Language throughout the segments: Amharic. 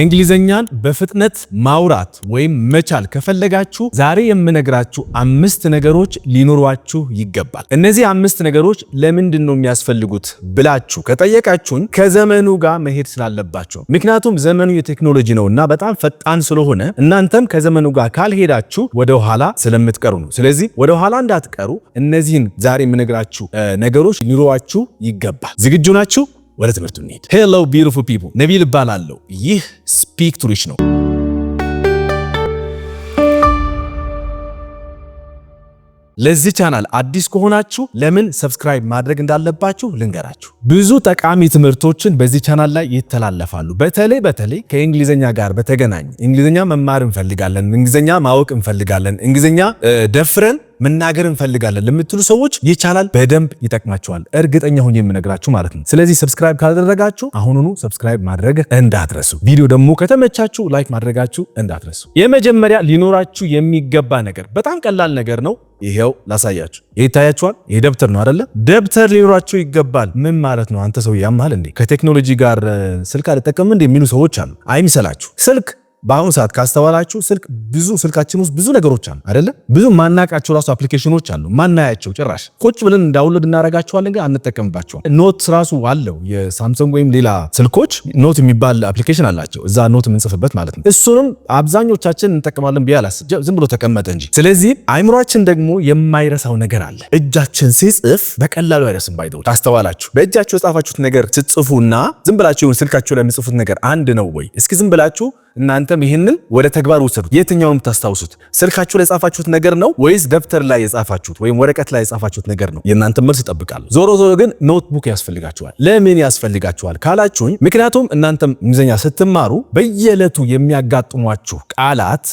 እንግሊዘኛን በፍጥነት ማውራት ወይም መቻል ከፈለጋችሁ ዛሬ የምነግራችሁ አምስት ነገሮች ሊኖሯችሁ ይገባል። እነዚህ አምስት ነገሮች ለምንድን ነው የሚያስፈልጉት ብላችሁ ከጠየቃችሁን ከዘመኑ ጋር መሄድ ስላለባቸው፣ ምክንያቱም ዘመኑ የቴክኖሎጂ ነው እና በጣም ፈጣን ስለሆነ እናንተም ከዘመኑ ጋር ካልሄዳችሁ ወደኋላ ስለምትቀሩ ነው። ስለዚህ ወደኋላ እንዳትቀሩ እነዚህን ዛሬ የምነግራችሁ ነገሮች ሊኖሯችሁ ይገባል። ዝግጁ ናችሁ? ወደ ትምህርቱ እንሄድ። ሄሎ ቢዩቲፉል ፒፕል ነቢል እባላለሁ። ይህ ስፒክ ቱ ሪች ነው። ለዚህ ቻናል አዲስ ከሆናችሁ ለምን ሰብስክራይብ ማድረግ እንዳለባችሁ ልንገራችሁ። ብዙ ጠቃሚ ትምህርቶችን በዚህ ቻናል ላይ ይተላለፋሉ። በተለይ በተለይ ከእንግሊዝኛ ጋር በተገናኘ እንግሊዝኛ መማር እንፈልጋለን፣ እንግሊዝኛ ማወቅ እንፈልጋለን፣ እንግሊዝኛ ደፍረን መናገር እንፈልጋለን ለምትሉ ሰዎች ይቻላል፣ በደንብ ይጠቅማቸዋል፣ እርግጠኛ ሆኜ የምነግራችሁ ማለት ነው። ስለዚህ ሰብስክራይብ ካደረጋችሁ አሁኑኑ ሰብስክራይብ ማድረግ እንዳትረሱ፣ ቪዲዮ ደግሞ ከተመቻችሁ ላይክ ማድረጋችሁ እንዳትረሱ። የመጀመሪያ ሊኖራችሁ የሚገባ ነገር በጣም ቀላል ነገር ነው። ይሄው ላሳያችሁ። ይታያችኋል። ይሄ ደብተር ነው አይደለ? ደብተር ሊኖራችሁ ይገባል። ምን ማለት ነው? አንተ ሰው ያምሃል እንዴ? ከቴክኖሎጂ ጋር ስልክ አልጠቀምም እንዴ የሚሉ ሰዎች አሉ። አይምሰላችሁ ስልክ በአሁኑ ሰዓት ካስተዋላችሁ ስልክ ብዙ ስልካችን ውስጥ ብዙ ነገሮች አሉ አይደለ? ብዙ ማናቃቸው ራሱ አፕሊኬሽኖች አሉ ማናያቸው ጭራሽ ቁጭ ብለን ዳውንሎድ እናደርጋቸዋለን፣ ግን አንጠቀምባቸዋል። ኖት ራሱ አለው የሳምሰንግ ወይም ሌላ ስልኮች ኖት የሚባል አፕሊኬሽን አላቸው፣ እዛ ኖት የምንጽፍበት ማለት ነው። እሱንም አብዛኞቻችን እንጠቀማለን ብዬ አላስብ፣ ዝም ብሎ ተቀመጠ እንጂ። ስለዚህ አይምሯችን ደግሞ የማይረሳው ነገር አለ። እጃችን ሲጽፍ በቀላሉ አይረስም። ባይ ታስተዋላችሁ፣ በእጃችሁ የጻፋችሁት ነገር ስትጽፉና ዝም ብላችሁ ስልካችሁ ላይ የምጽፉት ነገር አንድ ነው ወይ? እስኪ ዝም ብላችሁ እናንተም ይህንን ወደ ተግባር ውሰዱት። የትኛውም የምታስታውሱት ስልካችሁ ላይ የጻፋችሁት ነገር ነው ወይስ ደብተር ላይ የጻፋችሁት ወይም ወረቀት ላይ የጻፋችሁት ነገር ነው? የእናንተ መልስ ይጠብቃሉ። ዞሮ ዞሮ ግን ኖትቡክ ያስፈልጋችኋል። ለምን ያስፈልጋችኋል ካላችሁኝ፣ ምክንያቱም እናንተም እንግሊዝኛ ስትማሩ በየዕለቱ የሚያጋጥሟችሁ ቃላት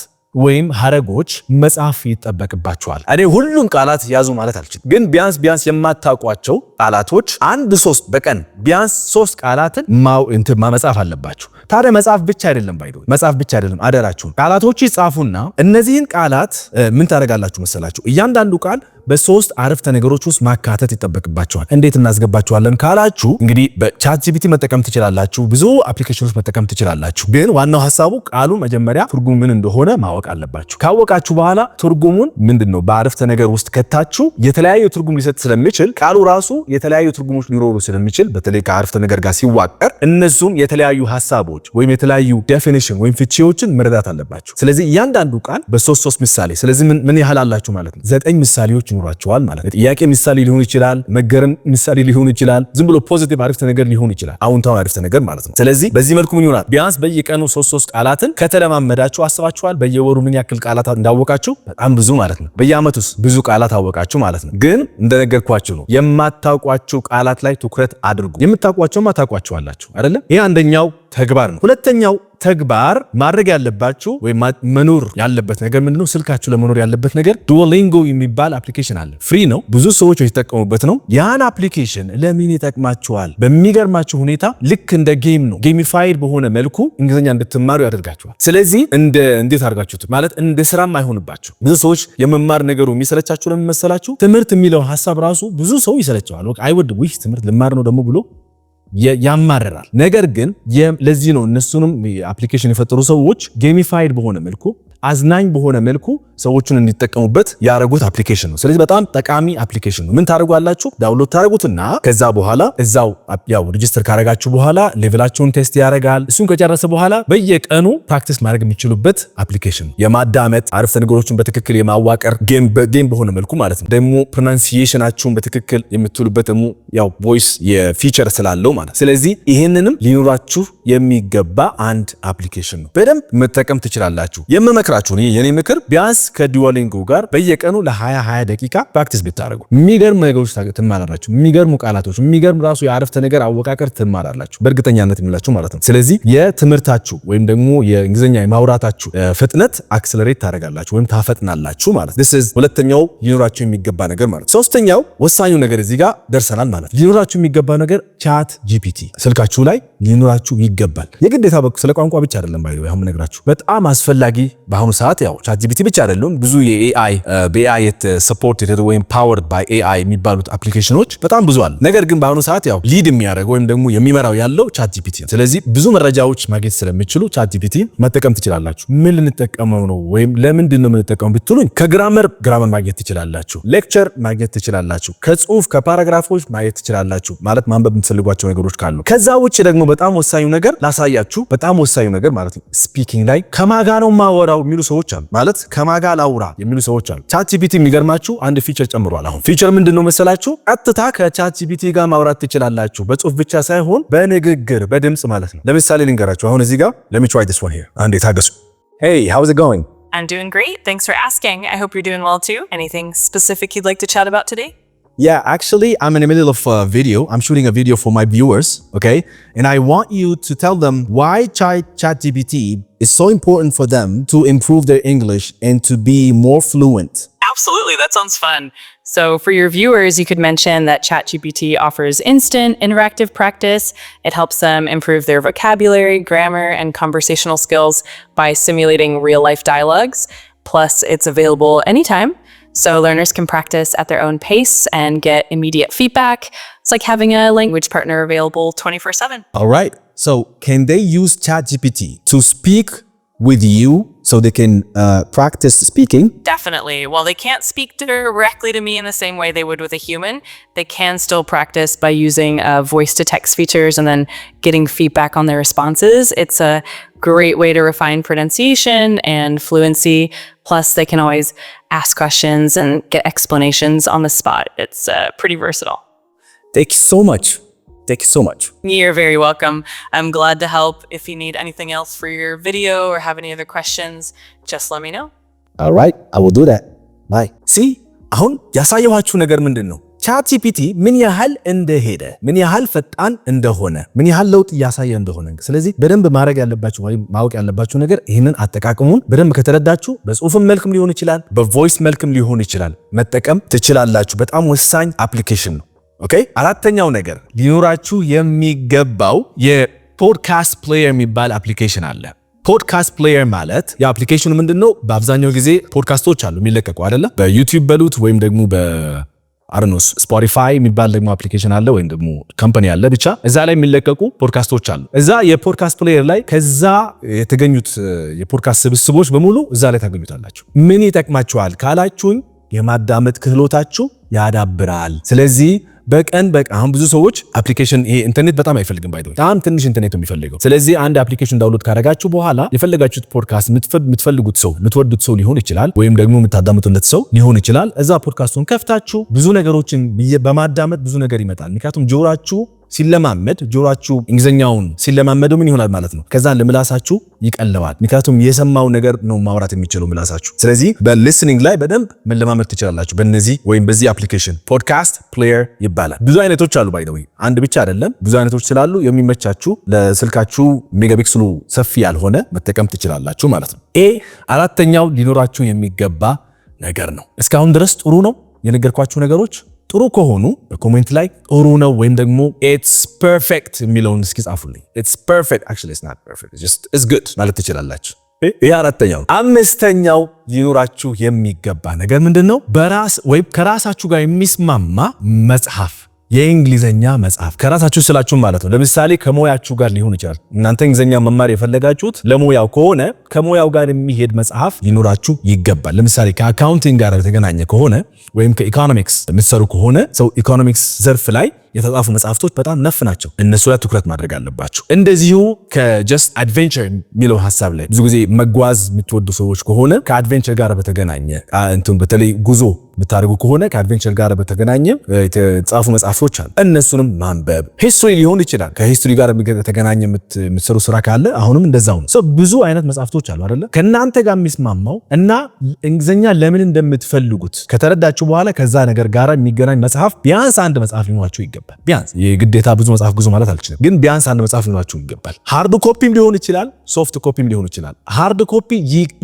ወይም ሀረጎች መጻፍ ይጠበቅባችኋል። እኔ ሁሉም ቃላት ያዙ ማለት አልችልም፣ ግን ቢያንስ ቢያንስ የማታውቋቸው ቃላቶች አንድ ሶስት በቀን ቢያንስ ሶስት ቃላትን ማው እንትን መጻፍ አለባችሁ። ታዲያ መጻፍ ብቻ አይደለም ባይዶ መጻፍ ብቻ አይደለም፣ አደራችሁን ቃላቶች ይጻፉና እነዚህን ቃላት ምን ታደርጋላችሁ መሰላችሁ? እያንዳንዱ ቃል በሶስት አረፍተ ነገሮች ውስጥ ማካተት ይጠበቅባቸዋል። እንዴት እናስገባችኋለን ካላችሁ እንግዲህ በቻት ጂፒቲ መጠቀም ትችላላችሁ፣ ብዙ አፕሊኬሽኖች መጠቀም ትችላላችሁ። ግን ዋናው ሀሳቡ ቃሉ መጀመሪያ ትርጉሙ ምን እንደሆነ ማወቅ አለባችሁ። ካወቃችሁ በኋላ ትርጉሙን ምንድን ነው በአረፍተ ነገር ውስጥ ከታችሁ የተለያዩ ትርጉም ሊሰጥ ስለሚችል ቃሉ ራሱ የተለያዩ ትርጉሞች ሊኖሩ ስለሚችል በተለይ ከአረፍተ ነገር ጋር ሲዋቀር እነሱም የተለያዩ ሀሳቦች ወይም የተለያዩ ዴፊኒሽን ወይም ፍቺዎችን መረዳት አለባቸው። ስለዚህ እያንዳንዱ ቃል በሶስት ሶስት ምሳሌ ስለዚህ ምን ያህል አላቸው ማለት ነው። ዘጠኝ ምሳሌዎች ይኖራቸዋል ማለት ነው። ጥያቄ ምሳሌ ሊሆን ይችላል፣ መገረም ምሳሌ ሊሆን ይችላል፣ ዝም ብሎ ፖዚቲቭ አረፍተ ነገር ሊሆን ይችላል፣ አዎንታዊ አረፍተ ነገር ማለት ነው። ስለዚህ በዚህ መልኩ ምን ይሆናል? ቢያንስ በየቀኑ ሶስት ሶስት ቃላትን ከተለማመዳችሁ አስባችኋል፣ በየወሩ ምን ያክል ቃላት እንዳወቃችሁ በጣም ብዙ ማለት ነው። በየአመቱስ ብዙ ቃላት አወቃችሁ ማለት ነው። ግን እንደነገርኳችሁ ነው የማታ በምታውቋቸው ቃላት ላይ ትኩረት አድርጉ። የምታውቋቸውም አታውቋቸዋላችሁ አይደለም? ይህ አንደኛው ተግባር ነው። ሁለተኛው ተግባር ማድረግ ያለባችሁ ወይም መኖር ያለበት ነገር ምንድን ነው? ስልካችሁ ለመኖር ያለበት ነገር ዱኦሊንጎ የሚባል አፕሊኬሽን አለ። ፍሪ ነው፣ ብዙ ሰዎች የተጠቀሙበት ነው። ያን አፕሊኬሽን ለምን ይጠቅማችኋል? በሚገርማችሁ ሁኔታ ልክ እንደ ጌም ነው፣ ጌሚፋይድ በሆነ መልኩ እንግሊዝኛ እንድትማሩ ያደርጋችኋል። ስለዚህ እንደ እንዴት አድርጋችሁት ማለት እንደ ስራም አይሆንባችሁ። ብዙ ሰዎች የመማር ነገሩ የሚሰለቻችሁ ለምን መሰላችሁ? ትምህርት የሚለው ሀሳብ ራሱ ብዙ ሰው ይሰለቸዋል። አይወድ ይህ ትምህርት ልማር ነው ደግሞ ብሎ ያማርራል። ነገር ግን ለዚህ ነው እነሱንም አፕሊኬሽን የፈጠሩ ሰዎች ጌሚፋይድ በሆነ መልኩ አዝናኝ በሆነ መልኩ ሰዎቹን እንዲጠቀሙበት ያደረጉት አፕሊኬሽን ነው። ስለዚህ በጣም ጠቃሚ አፕሊኬሽን ነው። ምን ታደርጓላችሁ? ዳውንሎድ ታደርጉትና ከዛ በኋላ እዛው ያው ሬጅስተር ካደረጋችሁ በኋላ ሌቭላቸውን ቴስት ያደርጋል። እሱን ከጨረሰ በኋላ በየቀኑ ፕራክቲስ ማድረግ የሚችሉበት አፕሊኬሽን የማዳመጥ አረፍተ ነገሮችን በትክክል የማዋቀር ጌም በሆነ መልኩ ማለት ነው። ደግሞ ፕሮናንሲዬሽናችሁን በትክክል የምትሉበት ደግሞ ያው ቮይስ የፊቸር ስላለው ማለት ስለዚህ ይህንንም ሊኖራችሁ የሚገባ አንድ አፕሊኬሽን ነው። በደንብ መጠቀም ትችላላችሁ። ምክራችሁ ነው የኔ ምክር፣ ቢያንስ ከዲዋሊንጎ ጋር በየቀኑ ለ20 20 ደቂቃ ፕራክቲስ ብታደርጉ የሚገርሙ ነገሮች ትማራላችሁ። የሚገርሙ ቃላቶች፣ የሚገርም ራሱ የአረፍተ ነገር አወቃቀር ትማራላችሁ፣ በእርግጠኛነት የሚላችሁ ማለት ነው። ስለዚህ የትምህርታችሁ ወይም ደግሞ የእንግሊዝኛ የማውራታችሁ ፍጥነት አክስለሬት ታደርጋላችሁ ወይም ታፈጥናላችሁ ማለት ነው። ሁለተኛው ሊኖራችሁ የሚገባ ነገር ማለት ሶስተኛው ወሳኙ ነገር እዚህ ጋር ደርሰናል ማለት ሊኖራችሁ የሚገባ ነገር ቻት ጂፒቲ ስልካችሁ ላይ ሊኖራችሁ ይገባል። የግዴታ ስለ ቋንቋ ብቻ አይደለም ባይ ነግራችሁ በጣም አስፈላጊ በአሁኑ ሰዓት ያው ቻትጂፒቲ ብቻ አይደለም ብዙ የኤአይ በኤአይ ሰፖርትድ ወይም ፓወርድ ባይ ኤአይ የሚባሉት አፕሊኬሽኖች በጣም ብዙ አሉ። ነገር ግን በአሁኑ ሰዓት ያው ሊድ የሚያደርገው ወይም ደግሞ የሚመራው ያለው ቻትጂፒቲ ነው። ስለዚህ ብዙ መረጃዎች ማግኘት ስለሚችሉ ቻትጂፒቲ መጠቀም ትችላላችሁ። ምን ልንጠቀመው ነው ወይም ለምንድን ነው የምንጠቀመው ብትሉኝ ከግራመር ግራመር ማግኘት ትችላላችሁ፣ ሌክቸር ማግኘት ትችላላችሁ፣ ከጽሁፍ ከፓራግራፎች ማግኘት ትችላላችሁ። ማለት ማንበብ የምትፈልጓቸው ነገሮች ካሉ ከዛ ውጭ ደግሞ በጣም ወሳኙ ነገር ላሳያችሁ፣ በጣም ወሳኙ ነገር ማለት ነው ስፒኪንግ ላይ ከማጋ ነው ማወራው የሚሉ ሰዎች አሉ። ማለት ከማጋ ላውራ የሚሉ ሰዎች አሉ። ቻት ጂፒቲ የሚገርማችሁ አንድ ፊቸር ጨምሯል። አሁን ፊቸር ምንድን ነው መሰላችሁ? ቀጥታ ከቻት ጂፒቲ ጋር ማውራት ትችላላችሁ። በጽሁፍ ብቻ ሳይሆን በንግግር በድምፅ ማለት ነው። ለምሳሌ ልንገራችሁ። አሁን እዚህ ጋር ለሚ ትራይ ዲስ ዋን ሄር አንዴ ታገሱ። ሄይ ሃውዝ ኢት ጎይንግ I'm doing great. Thanks for asking. I hope you're ዱዊንግ ዌል ቱ ኤኒቲንግ ስፔሲፊክ ዩድ ላይክ ቱ ቻት አባውት ቱዴይ Yeah, actually, I'm in the middle of a video. I'm shooting a video for my viewers, okay? And I want you to tell them why ChatGPT is so important for them to improve their English and to be more fluent. Absolutely, that sounds fun. So for your viewers, you could mention that ChatGPT offers instant, interactive practice. It helps them improve their vocabulary, grammar, and conversational skills by simulating real-life dialogues. Plus, it's available anytime so learners can practice at their own pace and get immediate feedback. It's like having a language partner available 24 7. All right. So can they use ChatGPT to speak with you so they can uh, practice speaking? Definitely. While they can't speak directly to me in the same way they would with a human, they can still practice by using uh, voice to text features and then getting feedback on their responses. It's a great way to refine pronunciation and fluency. Plus, they can always ask questions and get explanations on the spot. It's uh, pretty versatile. Thank you so much. Thank you so much. You're very welcome. I'm glad to help. If you need anything else for your video or have any other questions, just let me know. All right, I will do that. Bye. See, አሁን ያሳየኋችሁ ነገር ምንድን ነው? ጂፒቲ ምን ያህል እንደሄደ ምን ያህል ፈጣን እንደሆነ ምን ያህል ለውጥ እያሳየ እንደሆነ፣ ስለዚህ በደንብ ማድረግ ያለባችሁ ወይም ማወቅ ያለባችሁ ነገር ይህንን አጠቃቀሙን በደንብ ከተረዳችሁ በጽሁፍም መልክም ሊሆን ይችላል፣ በቮይስ መልክም ሊሆን ይችላል መጠቀም ትችላላችሁ። በጣም ወሳኝ አፕሊኬሽን ነው። ኦኬ። አራተኛው ነገር ሊኖራችሁ የሚገባው የፖድካስት ፕሌየር የሚባል አፕሊኬሽን አለ። ፖድካስት ፕሌየር ማለት የአፕሊኬሽኑ ምንድን ነው? በአብዛኛው ጊዜ ፖድካስቶች አሉ የሚለቀቁ አይደለም፣ በዩቲዩብ በሉት ወይም ደግሞ አርኖስ ስፖቲፋይ የሚባል ደግሞ አፕሊኬሽን አለ ወይም ደግሞ ካምፓኒ አለ። ብቻ እዛ ላይ የሚለቀቁ ፖድካስቶች አሉ። እዛ የፖድካስት ፕሌየር ላይ ከዛ የተገኙት የፖድካስት ስብስቦች በሙሉ እዛ ላይ ታገኙታላችሁ። ምን ይጠቅማችኋል ካላችሁኝ የማዳመጥ ክህሎታችሁ ያዳብራል። ስለዚህ በቀን አሁን ብዙ ሰዎች አፕሊኬሽን ይሄ ኢንተርኔት በጣም አይፈልግም ባይ በጣም ትንሽ ኢንተርኔት ነው የሚፈልገው። ስለዚህ አንድ አፕሊኬሽን ዳውንሎድ ካረጋችሁ በኋላ የፈለጋችሁት ፖድካስት የምትፈልጉት ሰው የምትወዱት ሰው ሊሆን ይችላል፣ ወይም ደግሞ የምታዳምጡለት ሰው ሊሆን ይችላል። እዛ ፖድካስቱን ከፍታችሁ ብዙ ነገሮችን በማዳመጥ ብዙ ነገር ይመጣል። ምክንያቱም ጆሮአችሁ ሲለማመድ ጆሮችሁ እንግሊዝኛውን ሲለማመዱ ምን ይሆናል ማለት ነው። ከዛ ለምላሳችሁ ይቀለዋል። ምክንያቱም የሰማው ነገር ነው ማውራት የሚችለው ምላሳችሁ። ስለዚህ በሊስኒንግ ላይ በደንብ መለማመድ ትችላላችሁ። በእነዚህ ወይም በዚህ አፕሊኬሽን ፖድካስት ፕሌየር ይባላል። ብዙ አይነቶች አሉ። ባይ አንድ ብቻ አይደለም፣ ብዙ አይነቶች ስላሉ የሚመቻችሁ ለስልካችሁ ሜጋፒክስሉ ሰፊ ያልሆነ መጠቀም ትችላላችሁ ማለት ነው። ኤ አራተኛው ሊኖራችሁ የሚገባ ነገር ነው። እስካሁን ድረስ ጥሩ ነው የነገርኳችሁ ነገሮች ጥሩ ከሆኑ በኮሜንት ላይ ጥሩ ነው ወይም ደግሞ ኢትስ ፐርፌክት የሚለውን እስኪ ጻፉልኝ። ማለት ትችላላችሁ። ይህ አራተኛው። አምስተኛው ሊኖራችሁ የሚገባ ነገር ምንድን ነው? በራስ ወይም ከራሳችሁ ጋር የሚስማማ መጽሐፍ የእንግሊዘኛ መጽሐፍ ከራሳችሁ ስላችሁ ማለት ነው። ለምሳሌ ከሞያችሁ ጋር ሊሆን ይችላል። እናንተ እንግሊዘኛ መማር የፈለጋችሁት ለሞያው ከሆነ ከሞያው ጋር የሚሄድ መጽሐፍ ሊኖራችሁ ይገባል። ለምሳሌ ከአካውንቲንግ ጋር የተገናኘ ከሆነ ወይም ከኢኮኖሚክስ የምትሰሩ ከሆነ ሰው ኢኮኖሚክስ ዘርፍ ላይ የተጻፉ መጽሐፍቶች በጣም ነፍ ናቸው። እነሱ ላይ ትኩረት ማድረግ አለባቸው። እንደዚሁ ከጀስት አድቬንቸር የሚለው ሀሳብ ላይ ብዙ ጊዜ መጓዝ የምትወዱ ሰዎች ከሆነ ከአድቬንቸር ጋር በተገናኘ እንትን በተለይ ጉዞ ብታደርጉ ከሆነ ከአድቬንቸር ጋር በተገናኘ የተጻፉ መጽሐፍቶች አሉ። እነሱንም ማንበብ ሂስቶሪ ሊሆን ይችላል። ከሂስቶሪ ጋር በተገናኘ የምትሰሩ ስራ ካለ አሁንም እንደዛው ነው። ብዙ አይነት መጽሐፍቶች አሉ አይደለ? ከእናንተ ጋር የሚስማማው እና እንግሊዝኛ ለምን እንደምትፈልጉት ከተረዳችሁ በኋላ ከዛ ነገር ጋር የሚገናኝ መጽሐፍ ቢያንስ አንድ መጽሐፍ ሊኖራችሁ ይገ ይገባል። ቢያንስ የግዴታ ብዙ መጽሐፍ ግዙ ማለት አልችልም፣ ግን ቢያንስ አንድ መጽሐፍ ሊኖራችሁ ይገባል። ሃርድ ኮፒም ሊሆን ይችላል፣ ሶፍት ኮፒም ሊሆን ይችላል። ሃርድ ኮፒ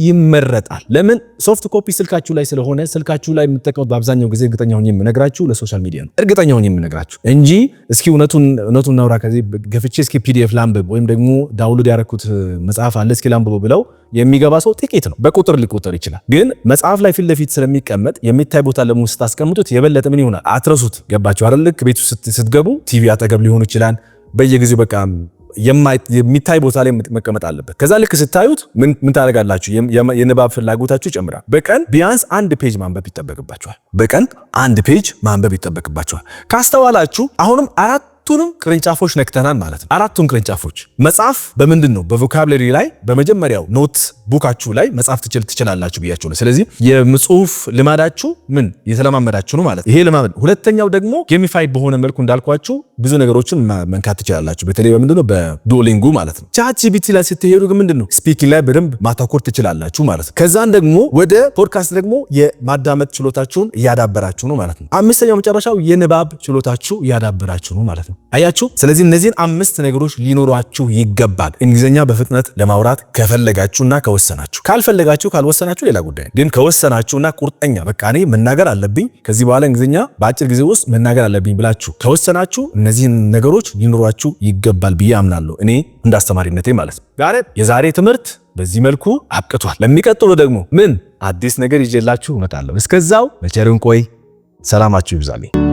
ይመረጣል። ለምን? ሶፍት ኮፒ ስልካችሁ ላይ ስለሆነ ስልካችሁ ላይ የምትጠቀሙት በአብዛኛው ጊዜ እርግጠኛ ሆኜ የምነግራችሁ ለሶሻል ሚዲያ ነው። እርግጠኛ ሆኜ የምነግራችሁ እንጂ እስኪ እውነቱን እውነቱን እናውራ ከዚህ ገፍቼ እስኪ ፒዲኤፍ ላንብብ ወይም ደግሞ ዳውንሎድ ያደረኩት መጽሐፍ አለ እስኪ ላንብብ ብለው የሚገባ ሰው ጥቂት ነው፣ በቁጥር ሊቆጠር ይችላል። ግን መጽሐፍ ላይ ፊትለፊት ስለሚቀመጥ የሚታይ ቦታ ለመሆን ስታስቀምጡት የበለጠ ምን ይሆናል? አትረሱት። ገባችሁ አይደል? ልክ ቤቱ ስትገቡ ቲቪ አጠገብ ሊሆን ይችላል። በየጊዜው በቃ የሚታይ ቦታ ላይ መቀመጥ አለበት። ከዛ ልክ ስታዩት ምን ታደርጋላችሁ? የንባብ ፍላጎታችሁ ይጨምራል። በቀን ቢያንስ አንድ ፔጅ ማንበብ ይጠበቅባችኋል። በቀን አንድ ፔጅ ማንበብ ይጠበቅባችኋል። ካስተዋላችሁ አሁንም አራት አራቱንም ቅርንጫፎች ነክተናል ማለት ነው። አራቱን ቅርንጫፎች መጽሐፍ በምንድን ነው? በቮካብለሪ ላይ በመጀመሪያው ኖት ቡካችሁ ላይ መጽሐፍ ትችል ትችላላችሁ ብያችሁ ነው። ስለዚህ የምጽሁፍ ልማዳችሁ ምን የተለማመዳችሁ ነው ማለት ይሄ ልማመድ። ሁለተኛው ደግሞ ጌሚፋይድ በሆነ መልኩ እንዳልኳችሁ ብዙ ነገሮችን መንካት ትችላላችሁ። በተለይ በምንድን ነው በዶሊንጉ ማለት ነው። ቻት ላይ ስትሄዱ ግን ምንድን ነው ስፒኪንግ ላይ በደንብ ማተኮር ትችላላችሁ ማለት ነው። ከዛን ደግሞ ወደ ፖድካስት ደግሞ የማዳመጥ ችሎታችሁን እያዳበራችሁ ነው ማለት ነው። አምስተኛው መጨረሻው የንባብ ችሎታችሁ እያዳበራችሁ ነው ማለት ነው። ናቸው። አያችሁ። ስለዚህ እነዚህን አምስት ነገሮች ሊኖሯችሁ ይገባል፣ እንግሊዝኛ በፍጥነት ለማውራት ከፈለጋችሁና ከወሰናችሁ። ካልፈለጋችሁ ካልወሰናችሁ ሌላ ጉዳይ፣ ግን ከወሰናችሁና ቁርጠኛ በቃ እኔ መናገር አለብኝ ከዚህ በኋላ እንግሊዝኛ በአጭር ጊዜ ውስጥ መናገር አለብኝ ብላችሁ ከወሰናችሁ እነዚህን ነገሮች ሊኖሯችሁ ይገባል ብዬ አምናለሁ፣ እኔ እንደ አስተማሪነቴ ማለት ነው። ዛሬ የዛሬ ትምህርት በዚህ መልኩ አብቅቷል። ለሚቀጥሉ ደግሞ ምን አዲስ ነገር ይዤላችሁ እመጣለሁ። እስከዛው በቸርን ቆይ። ሰላማችሁ ይብዛልኝ።